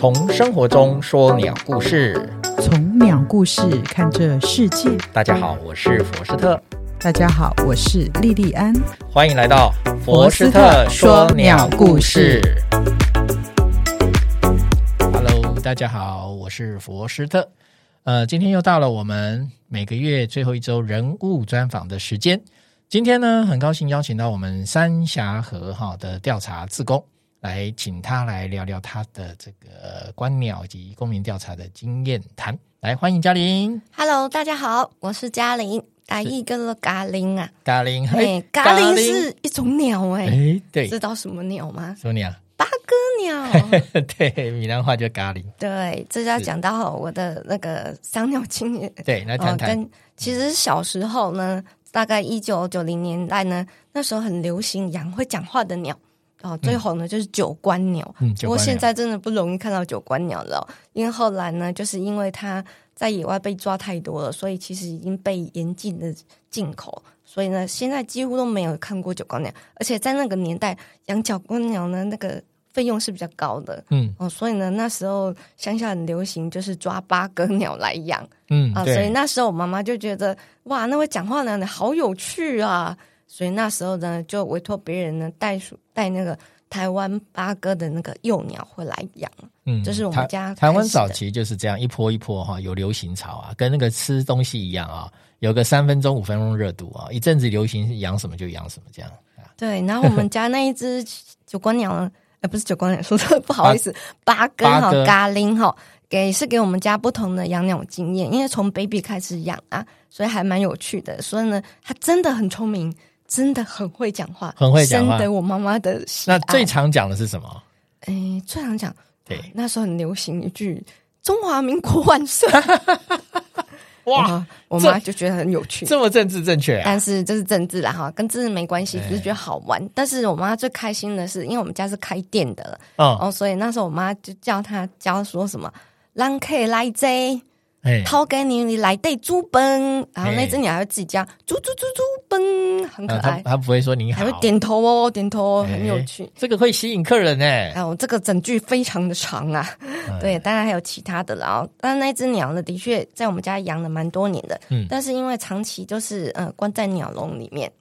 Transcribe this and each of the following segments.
從生活中說鳥故事，從鳥故事看這世界。大家好，我是佛斯特。大家好，我是莉莉安。歡迎來到佛斯、斯特說鳥故事。Hello，大家好，我是佛斯特。呃，今天又到了我們每個月最後一周人物專訪的時間。今天呢，很高興邀請到我們三峽河鳥的調查志工。來，請他來聊聊他的這個觀鳥及公民調查的經驗談。來，歡迎嘉玲。Hello，大家好，我是嘉玲，大 E 叫做咖林啊，咖林，嘿咖林是一種鳥哎、欸欸，對，知道什麼鳥嗎？什麼鳥？八哥鳥 對，閩南。對，閩南話叫咖林。對，這要講到我的那個賞鳥經驗。對，來談談。其實小時候呢，大概一九九零年代呢，那時候很流行養會講話的鳥。哦，最紅的、嗯、就是九官鳥、嗯，不過現在真的不容易看到九官鳥了，哦九官鳥，因為後來呢，就是因為它在野外被抓太多了，所以其實已經被嚴禁的進口，所以呢，現在幾乎都沒有看過九官鳥。而且在那個年代養九官鳥呢，那個費用是比較高的，嗯，哦，所以呢，那時候鄉下很流行就是抓八哥鳥來養，嗯啊，所以那時候我媽媽就覺得哇，那位講話男的好有趣啊。所以那時候呢，就委託別人呢帶鼠帶那個台灣八哥的那個幼鳥回來養。嗯，這、就是我們家台灣早期就是這樣一波一波哈、哦，有流行潮啊，跟那個吃東西一樣啊、哦，有個三分鐘五分鐘熱度啊、哦，一陣子流行是養什麼就養什麼這樣、啊。對，然後我們家那一隻九官鳥，哎、 欸，不是九官鳥，說的不好意思，啊八，哦、八哥哈，嘉玲哈、哦，給是給我們家不同的養鳥經驗，因為從 baby 開始養啊，所以還蠻有趣的。所以呢，它真的很聰明。真的很會講話，很會講話，深得我媽媽的喜愛。那最常講的是什麼？哎、欸，最常講對、啊，那時候很流行一句“中華民國萬歲。” 哇，我媽就覺得很有趣，這麼政治正確、啊。但是這是政治啦，哈，跟政治沒關係，只，就是覺得好玩。欸、但是我媽最開心的是，因為我們家是開店的了、嗯，哦，所以那時候我媽就叫她教說什麼 l a n k la 掏、欸、干你你來帶豬奔，然後那只鳥還會自己叫，豬、欸、豬豬豬奔，很可愛。它、啊、不會說你，還會點頭哦，點頭哦、欸，很有趣。這個會吸引客人哎、欸。然、啊、後這個整句非常的長啊，欸、對，當然還有其他的啦。但那只鳥呢，的確在我們家養了蠻多年的、嗯，但是因為長期就是呃關在鳥籠裡面，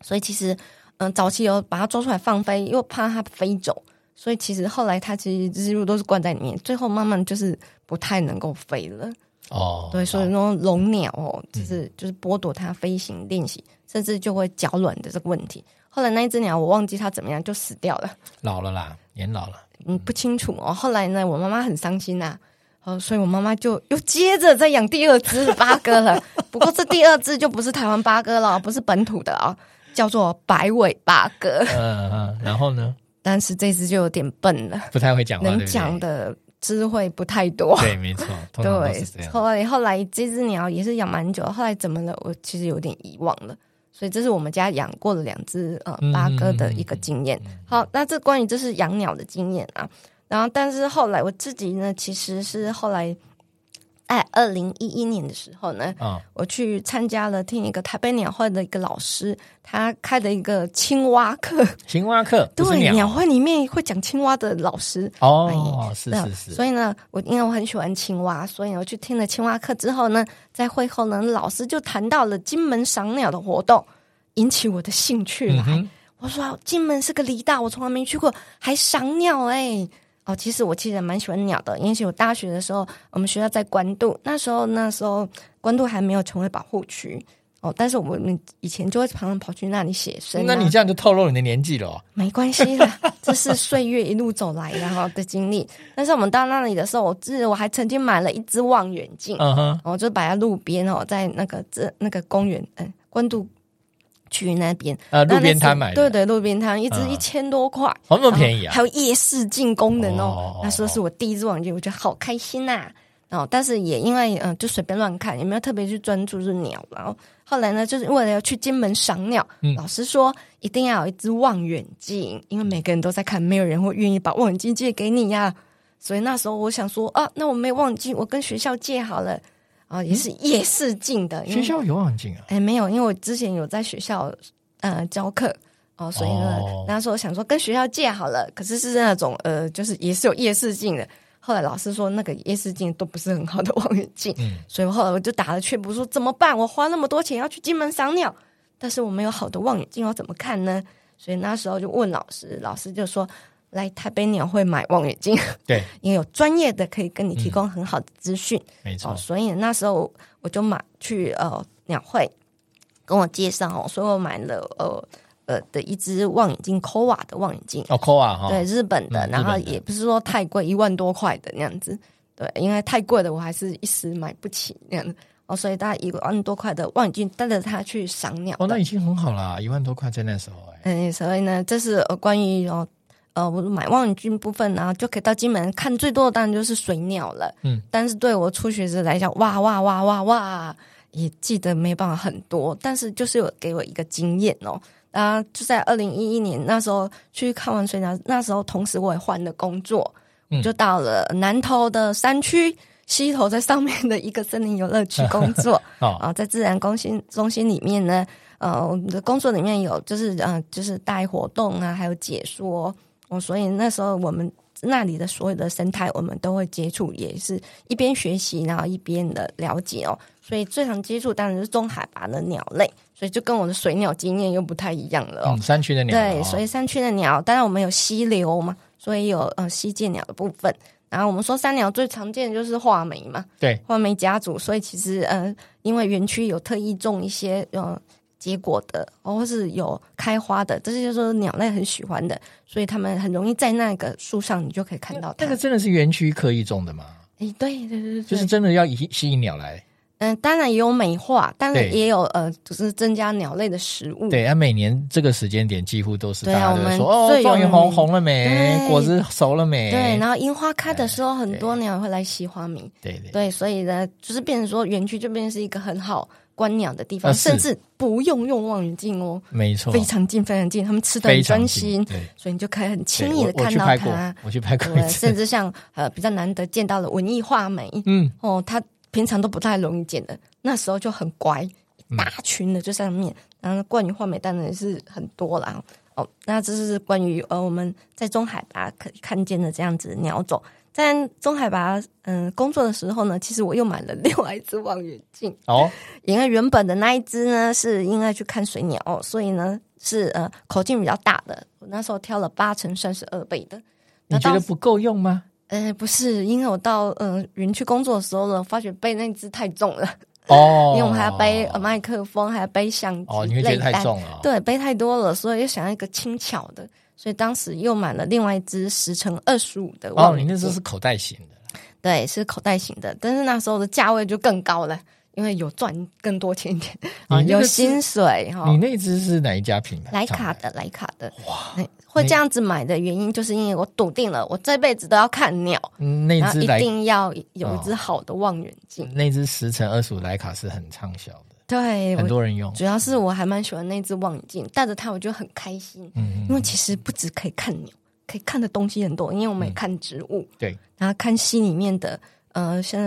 所以其實嗯、呃、早期有把它捉出來放飛，又怕它飛走，所以其實後來它其實日日都是關在裡面，最後慢慢就是不太能夠飛了。哦，對，所以那種籠鳥哦，就、嗯、是就是剝奪它飛行練習，甚至就會腳軟的這個問題。後來那一只鳥，我忘記它怎麼樣就死掉了，老了啦，年老了，嗯，不清楚哦。後來呢，我媽媽很傷心吶、啊，呃，所以我媽媽就又接着再養第二只八哥了。 不過這第二只就不是台灣八哥了、哦，不是本土的啊、哦，叫做白尾八哥。嗯 嗯，然後呢？但是這只就有點笨了，不太會講話，能講的對對。智慧不太多，對，沒錯，通常，對，後來後來這隻鳥也是養蠻久，後來怎麼了？我其實有點遺忘了，所以這是我們家養過的兩隻呃、嗯、八哥的一個經驗、嗯。好，那這關於這是養鳥的經驗啊，然後但是後來我自己呢，其實是後來。哎，二零一一年的時候呢、哦，我去參加了聽一個台北鳥會的一個老師他開的一個青蛙課，青蛙課鳥，對，鳥會裡面會講青蛙的老師哦，哎、是，是是是，所以呢，我因為我很喜歡青蛙，所以我去聽了青蛙課之後呢，在會後呢，老師就談到了金門賞鳥的活動，引起我的興趣來，嗯、我說金門是個離島，我從來沒去過，還賞鳥哎、欸。哦，其實我其實蠻喜歡鳥的，因為我大學的時候，我們學校在關渡，那時候那時候關渡還沒有成為保護區哦，但是我們以前就會常常跑去那裡寫生，啊。那你這樣就透露你的年紀了。沒關係的，這是歲月一路走來的哈、哦、 的經歷。但是我們到那裡的時候，我自我還曾經買了一只望遠鏡，我、嗯哦、就擺在路邊哦，在那個這那個公園，嗯，關渡。去那邊呃，那那路邊攤買的對，對對，路邊攤一支一千多塊，嗯，好那麼便宜啊！還有夜視鏡功能哦，那時候是我第一支望遠鏡，我覺得好開心吶、啊。然後，但是也因為嗯、呃，就隨便亂看，也沒有特別去專注是鳥。然後後來呢，就是為了要去金門賞鳥，嗯、老實說，一定要有一支望遠鏡，因為每個人都在看，沒有人會願意把望遠鏡借給你呀、啊。所以那時候我想說啊，那我沒望遠鏡，我跟學校借好了。也是夜視鏡的、嗯，因為，學校有望遠鏡啊？哎，沒有，因為我之前有在學校、呃、教課哦，所以呢，那時候想說跟學校借好了，哦哦哦哦，可是是那種呃，就是也是有夜視鏡的。後來老師說那個夜視鏡都不是很好的望遠鏡，嗯、所以後來我就打了全不說怎麼辦？我花那麼多錢要去金門賞鳥。但是我沒有好的望遠鏡，要怎麼看呢？所以那時候就問老師，老師就說。來台北鳥會買望遠鏡，對，因為有專業的可以跟你提供很好的資訊，嗯、沒錯、哦。所以那時候我就買去呃鳥會跟我介紹哦，所以我買了呃呃的一支望遠鏡 Kowa 的望遠鏡哦 Kowa、哦、對日本的、嗯、日本的，然後也不是說太貴，一萬多塊的那樣子。對，因為太貴了，我還是一時買不起那樣子哦。所以大家一萬多塊的望遠鏡帶着他去賞鳥哦，那已經很好啦、啊，一萬多塊在那時候、欸。嗯，所以呢，這是關於哦。呃，我買望遠鏡部分，啊，然後就可以到金門看最多的當然就是水鳥了。嗯，但是對我初學者來講，哇哇哇哇哇，也記得沒辦法很多，但是就是有給我一個經驗哦。啊，就在二零一一年那時候去看完水鳥，那時候同時我也換了工作，就到了南投的山區溪頭，溪頭在上面的一個森林遊樂區工作。嗯，啊，在自然中心中心裡面呢，呃，我們的工作裡面有就是呃，就是帶活動啊，還有解說。哦，所以那時候我們那裡的所有的生態，我們都會接觸，也是一邊學習，然後一邊的了解哦、喔。所以最常接觸當然是中海拔的鳥類，所以就跟我的水鳥經驗又不太一樣了、喔。嗯，山區的鳥。對，所以山區的鳥，當然我們有溪流嘛，所以有呃溪澗鳥的部分。然後我們說山鳥最常見的就是畫眉嘛，對，畫眉家族。所以其實呃，因為園區有特意種一些呃。結果的，或是有開花的，這些就是說鳥類很喜歡的，所以它們很容易在那個樹上，你就可以看到它。那、那個真的是園區刻意種的嗎？哎、欸，對對對，對，就是真的要吸引鳥來。嗯、呃，當然也有美化，當然也有呃，就是增加鳥類的食物。對，對啊，每年這個時間點幾乎都是對、啊、大家都說哦，狀元紅紅了沒？果子熟了沒？對，然後櫻花開的時候，哎、很多鳥會來吸花蜜。對對對，對，所以呢，就是變成說，園區這邊是一個很好觀鳥的地方，啊、甚至不用用望遠鏡哦，沒錯，非常近非常近，他們吃得很專心，所以你就可以很輕易的看到它。我去拍過，我去拍過，我去拍過我，甚至像呃比較難得見到的文藝畫眉，嗯，哦它。他平常都不太容易見的，那時候就很乖，一大群的就上面，嗯、然後關於畫眉蛋的也是很多了哦。那這是關於呃我們在中海拔可以看見的這樣子鳥種，在中海拔嗯、呃、工作的時候呢，其實我又買了另外一隻望遠鏡哦，因為原本的那一隻呢是應該去看水鳥，所以呢是呃口徑比較大的，我那時候挑了八乘三十二倍的。你覺得不夠用嗎？呃，不是，因為我到呃園區工作的時候呢，發覺背那只太重了。哦、oh,，因為我們還要背麥克風，oh, 還要背相機。哦、oh,，因為覺得太重了。對，背太多了，所以又想要一個輕巧的，所以當時又買了另外一只十乘二十五的。哦、oh,，你那只是口袋型的。對，是口袋型的，但是那時候的價位就更高了。因為有賺更多錢一點，有薪水哈。你那隻是哪一家品牌？萊卡的，萊卡的。哇！會這樣子買的原因，就是因為我篤定了，我這輩子都要看鳥，嗯、那一,一定要有一隻好的望遠鏡。哦。那隻十乘二十五萊卡是很暢銷的，對，很多人用。主要是我還蠻喜歡那隻望遠鏡，帶着它我就很開心。嗯，因為其實不止可以看鳥，可以看的東西很多，因為我們也看植物、嗯，對，然後看溪裡面的。呃，像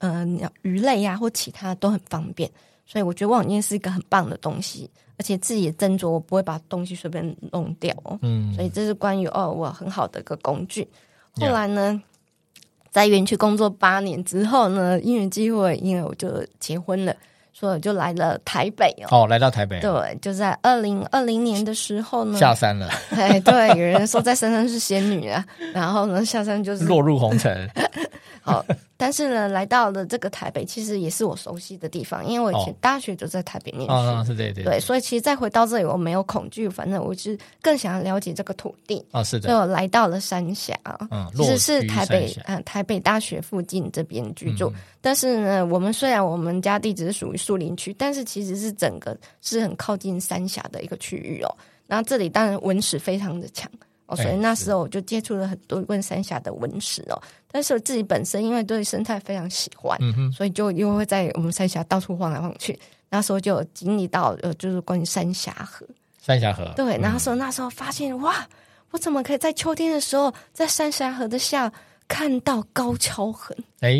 呃，魚類呀，啊，或其他都很方便，所以我覺得望遠鏡是一個很棒的東西，而且自己也斟酌，我不會把東西隨便弄掉哦。嗯，所以這是關於哦，我很好的一個工具。後來呢，yeah. 在園區工作八年之後呢，因緣機會，因為我就結婚了。所以就來了台北哦，哦，來到台北，對，就在二零二零年的時候呢，下山了。對，對，有人說在山上是仙女啊， 然後呢，下山就是落入紅塵。 好。但是呢，來到了這個台北，其實也是我熟悉的地方，因為我以前大學就在台北念書。哦哦、對，對，對。對，所以其實再回到這裡，我沒有恐懼，反正我是更想要了解這個土地。啊、哦，是的。所以我來到了三峽，哦、三峽其實是台北，啊、呃，台北大學附近這邊居住、嗯。但是呢，我們雖然我們家地址是屬於樹林區，但是其實是整個是很靠近三峽的一個區域哦。那這裡當然文史非常的強哦，所以那時候我就接觸了很多問三峽的文史哦。但是我自己本身因為對生態非常喜歡、嗯哼，所以就又會在我們三峽到處晃來晃去。那時候就經歷到呃，就是關於三峽河。三峽河。對，然後說那時候發現哇，我怎麼可以在秋天的時候在三峽河的下看到高蹺鴴？哎，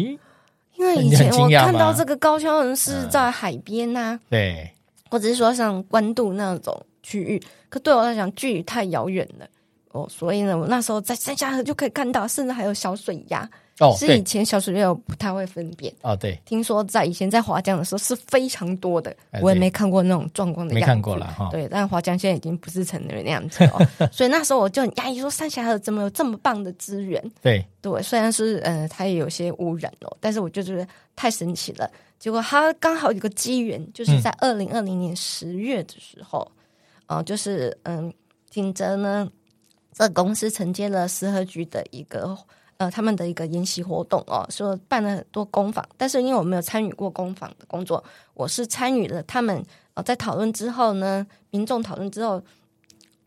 因為以前我看到這個高蹺鴴是在海邊吶、啊嗯，對，或者是說像關渡那種區域，可對我來講距離太遙遠了。哦，所以呢，我那時候在三峽河就可以看到，甚至還有小水鴨。哦、oh，是以前小水鴨不太會分辨哦，oh, 對，聽說在以前在華江的時候是非常多的，oh, 我也沒看過那種壯觀的樣子。沒看過了哈。對，但華江現在已經不是成人那樣子 哦，所以那時候我就很訝異，說三峽河怎麼有這麼棒的資源？對對，雖然是呃，它也有些汙染哦，但是我就覺得太神奇了。結果它剛好有個機緣，就是在二零二零年十月的時候，啊、嗯哦，就是嗯，聽着呢。這公司承接了石河局的一個，呃，他們的一個研習活動哦，說辦了很多工坊，但是因為我沒有參與過工坊的工作，我是參與了他們啊、呃、在討論之後呢，民眾討論之後，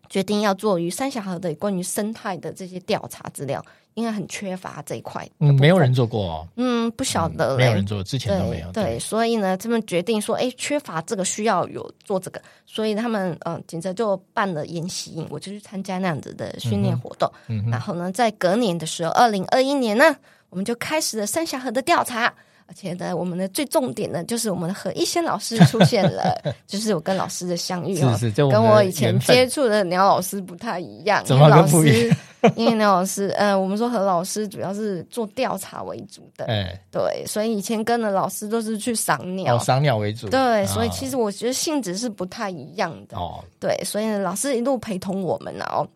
決定要做於三峽河的關於生態的這些調查資料。應該很缺乏這一塊，嗯，沒有人做過、哦，嗯，不曉得、嗯，沒有人做，之前都沒有，對，對對，所以呢，他們決定說，哎，缺乏這個，需要有做這個，所以他們嗯，緊、呃、着就辦了研習，我就去參加那樣子的訓練活動，嗯嗯、然後呢，在隔年的時候，二零二一年呢，我們就開始了三峽河的調查。而且呢，我們的最重點呢，就是我們何一仙老師出現了， 就是我跟老師的相遇啊、哦，是是我跟我以前接觸的鳥老師不太一樣，怎麼跟不一樣？因為鳥老， 老師，呃，我們說何老、呃、老師主要是做調查為主的、哎，對，所以以前跟的老師都是去賞鳥，哦、賞鳥為主，對、哦，所以其實我覺得性質是不太一樣的哦，對，所以老師一路陪同我們哦，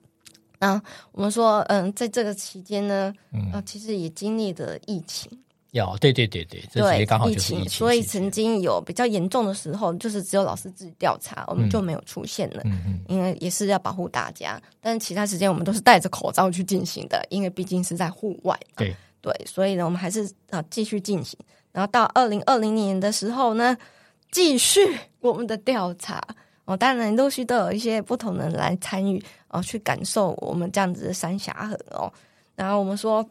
然後我們說，嗯、呃，在這個期間呢，啊、呃，其實也經歷了疫情。嗯有對對對對，對，剛好就是疫情、疫情，所以曾經有比較嚴重的時候，就是只有老師自己調查，我們就沒有出現了、嗯，因為也是要保護大家。但是其他時間我們都是戴着口罩去進行的，因為畢竟是在戶外。對對，所以呢，我們還是啊繼續進行。然後到二零二零年的時候呢，繼續我們的調查。哦，當然陸續都有一些不同人來參與哦，去感受我們這樣子的三峽河哦。然後我們說，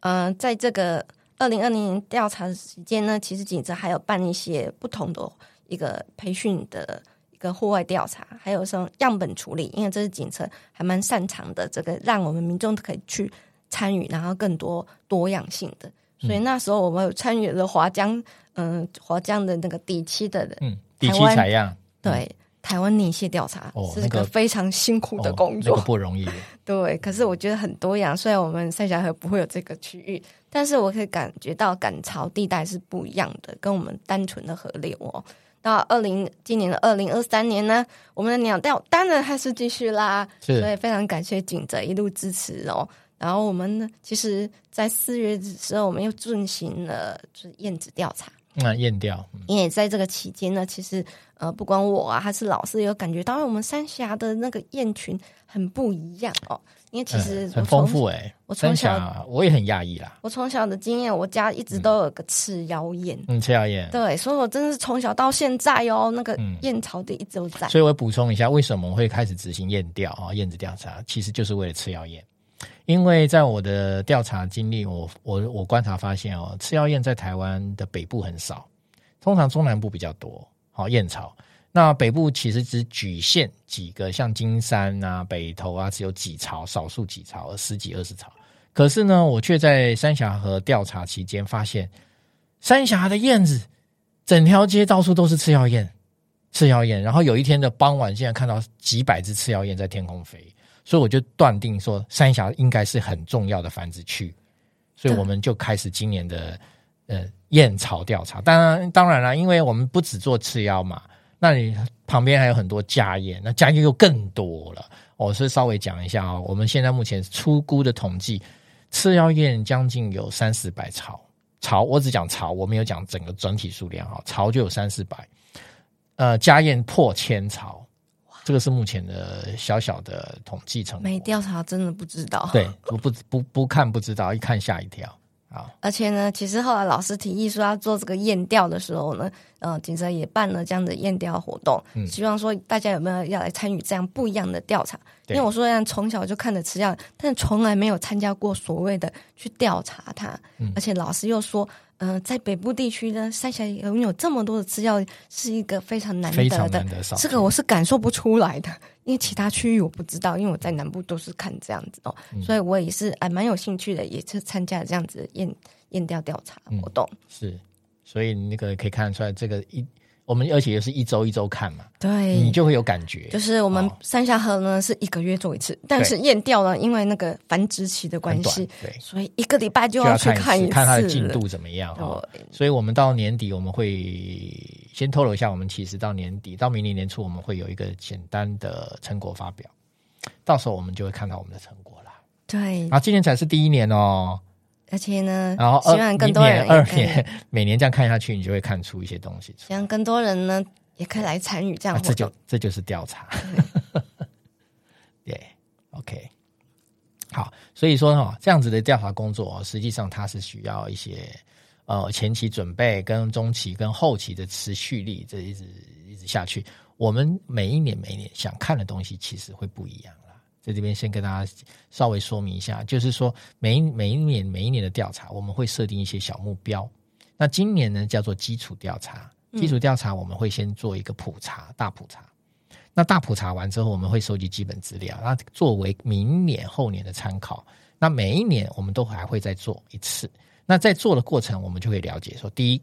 嗯、呃，在這個。二零二零年調查的時間呢，其實警察還有辦一些不同的一個培訓的一個戶外調查，還有像樣本處理，因為這是警察還蠻擅長的。這個讓我們民眾可以去參與，然後更多多樣性的。所以那時候我們有參與了華江，嗯、呃，華江的那個底棲的，嗯，底棲採樣，對。台灣鳥類調查、哦那個，是一個非常辛苦的工作，哦那個，不容易。 對，可是我覺得很多樣。雖然我們三峽河不會有這個區域，但是我可以感覺到感潮地帶是不一樣的，跟我們單純的河流哦。到二零今年的二零二三年呢，我們的鳥調當然還是繼續啦。所以非常感謝景澤一路支持哦。然後我們呢，其實在四月的時候，我們又進行了就是燕子調查。那燕調，因為在這個期間呢，其實呃，不管我啊，還是老師，有感覺到我們三峽的那個燕群很不一樣哦。因為其實我、嗯、很豐富哎、欸，我從小、三峽、我也很訝異啦。我從小的經驗，我家一直都有個赤腰燕、嗯，嗯，赤腰燕，對，所以我真的是從小到現在哦，那個燕巢一直都在、嗯。所以我補充一下，為什麼我會開始執行燕調啊，燕、哦、子調查，其實就是為了赤腰燕。因為在我的調查經歷，我我我觀察發現哦，赤腰燕在臺灣的北部很少，通常中南部比較多。好，燕巢，那北部其實只侷限幾個，像金山啊、北投啊，只有幾巢，少數幾巢，十幾二十巢。可是呢，我卻在三峽河調查期間發現，三峽的燕子，整條街到處都是赤腰燕，赤腰燕。然後有一天的傍晚，現在看到幾百隻赤腰燕在天空飛。所以我就斷定說，三峽應該是很重要的繁殖區，所以我們就開始今年的、嗯、呃燕巢調查。當然，當然了，因為我們不只做赤腰嘛，那你旁邊還有很多家燕，那家燕又更多了。我、哦、是稍微講一下哦，我們現在目前初估的統計，赤腰燕將近有三四百巢巢，我只講巢，我沒有講整個整體數量啊，巢就有三四百，呃，家燕破千巢。這個是目前的小小的統計成果，沒調查真的不知道。對， 不不不不看不知道，一看嚇一跳啊！而且呢，其實後來老師提議說要做這個驗調的時候呢，呃，警察也辦了這樣的驗調活動，希望說大家有沒有要來參與這樣不一樣的調查？嗯、因為我說這樣從小就看着吃藥，但是從來沒有參加過所謂的去調查它、嗯，而且老師又說。呃，在北部地區呢，三峽擁有這麼多的資料，是一個非常難得的非常難得。這個我是感受不出來的，因為其他區域我不知道，因為我在南部都是看這樣子哦，嗯、所以我也是哎蠻有興趣的，也是參加這樣子的驗驗調調查活動、嗯。是，所以那個可以看得出來，這個一。我們而且也是一周一周看嘛，對，你、嗯、就會有感覺。就是我們三峽河呢、哦、是一個月做一次，但是驗掉了，因為那個繁殖期的關係，對，所以一個禮拜就要去看一，看一次，看它的進度怎麼樣。對哦、所以，我們到年底我們會先透露一下，我們其實到年底到明年年初我們會有一個簡單的成果發表，到時候我們就會看到我們的成果了。對，啊，今年才是第一年哦。而且呢，然後二、呃、一、呃、年二年每年這樣看下去，你就會看出一些東西。希望更多人呢，也可以來參與這樣、啊。這就這就是調查，對， 對，OK，好。所以說呢，這樣子的調查工作，實際上它是需要一些呃前期準備，跟中期跟後期的持續力，這一直一直下去。我們每一年每一年想看的東西，其實會不一樣。在這邊先跟大家稍微說明一下，就是說每每一年每一年的調查，我們會設定一些小目標。那今年呢，叫做基礎調查。基礎調查我們會先做一個普查，嗯、大普查。那大普查完之後，我們會收集基本資料，那作為明年後年的參考。那每一年我們都還會再做一次。那在做的過程，我們就會了解說，第一，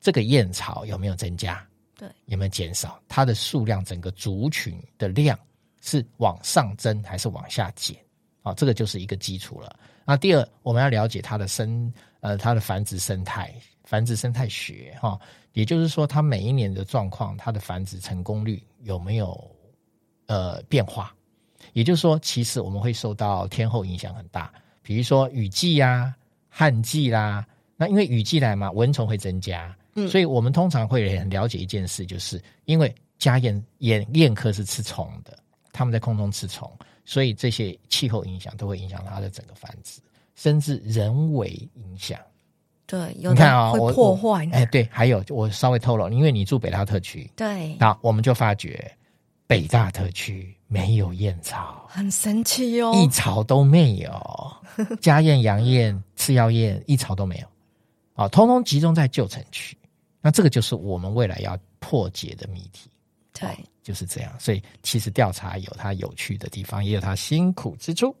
這個燕巢有沒有增加？對，有沒有減少？它的數量，整個族群的量。是往上增還是往下減啊、哦？這個就是一個基礎了。那第二，我們要了解它的生呃它的繁殖生態、繁殖生態學哈、哦，也就是說，它每一年的狀況，它的繁殖成功率有沒有呃變化？也就是說，其實我們會受到天候影響很大，比如說雨季呀、啊、旱季啦、啊。那因為雨季來嘛，蚊蟲會增加，嗯，所以我們通常會很了解一件事，就是因為家燕燕燕，燕科是吃蟲的。他們在空中吃蟲，所以這些氣候影響都會影響它的整個繁殖，甚至人為影響。對，有你看啊、哦，會破壞。哎、欸，對，還有我稍微透露，因為你住北大特區，對，那我們就發覺北大特區沒有燕巢，很神奇喲、哦，一巢都沒有。 家燕、洋燕、赤腰燕，一巢都沒有啊、哦，通通集中在舊城區。那這個就是我們未來要破解的謎題。對，就是這樣。所以其實調查有它有趣的地方，也有它辛苦之處。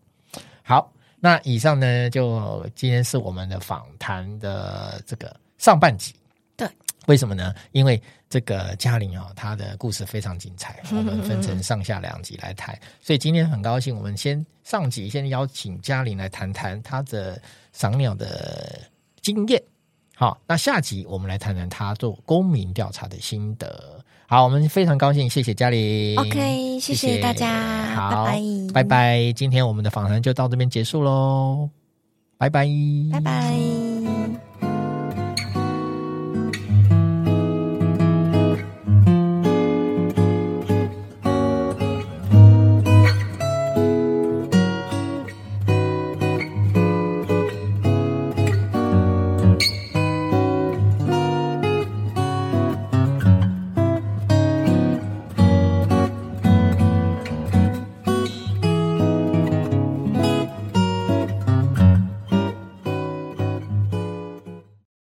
好，那以上呢，就今天是我們的訪談的這個上半集。對，為什麼呢？因為這個嘉玲啊，她的故事非常精彩，我們分成上下兩集來談。嗯嗯嗯。所以今天很高興，我們先上集先邀請嘉玲來談談她的賞鳥的經驗。好，那下集我們來談談她做公民調查的心得。好，我們非常高興，謝謝嘉玲。OK，謝謝，謝，謝大家，好，拜拜，拜拜。今天我們的訪談就到這邊結束嘍，拜拜，拜拜。